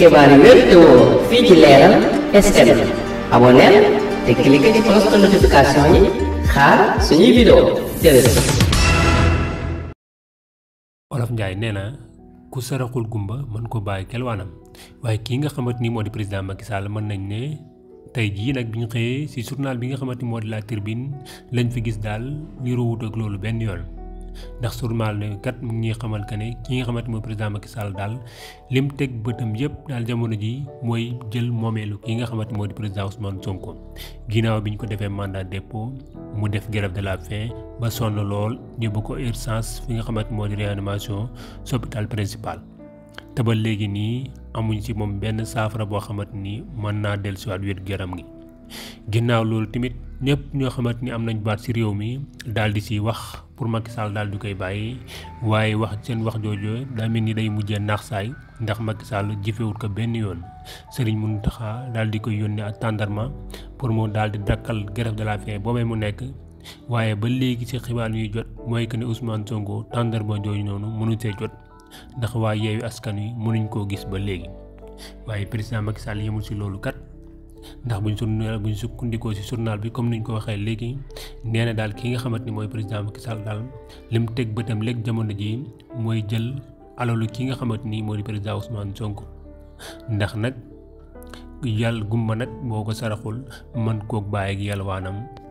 Kebanyakan itu Vigilaran SM. Abonen, teklik di post notifikasinya. Khar sunyi video. Jadi. Olaf Ndiaye nee na ku saraxul gumba man ko baye kel wanam waaye ki nga xamante ni moo di Macky Sall man nañ ne tay ji nak biñ xeye ci journal bi nga xamante ni moo la tribune lañ fi gis dal ni rewut ak lolu ben yoon ndax ne kat mu ngi xamal que ne ki nga xamante mooy président Macky Sall daal lim teg bëtam yépp daal jamono ji mooy jël moomelu ki nga xamante moo di président Ousmane Sonko ginnaaw biñ ko defee mandat dépôt mu def grève de la faim ba sonn lool yóbbu ko urgence fi nga xamante moo di réanimation hôpital principal te ba léegi nii amuñ ci moom benn saafara boo xamante ni mën naa dellusiwaat wér garam gi ginnaaw loolu tamit ñëpp ñoo xamante ni am nañ baat ci réew mi daal di ci wax pour Macky Sall daal di koy bàyyi waaye wax seen wax jooju daa mel ni day mujje naax saay ndax Macky Sall jëfewut ko benn yoon mu nu Mountakha daal di koy yónnee ak tàndarma pour mu daal di dakkal grève de la faim boobee mu nekk. waaye ba léegi ci xibaal yuy jot mooy que ne Ousmane Sonko tàndarma jooju noonu mënuñ see jot ndax waa yeewi askan wi mënuñ koo gis ba léegi waaye président Macky Sall yemul loolu ndax buñ surn buñ sukkandikoo ci journal bi comme ñu ko waxee léegi nee na daal ki nga xamante ni mooy président Macky Sall daal lim teg bëtam léegi jamono ji mooy jël alalu ki nga xamante ni moo di président Ousmane sonk ndax nag yàlla gumba nag boo ko saraxul mën koog bàyyi ak yàlla waanam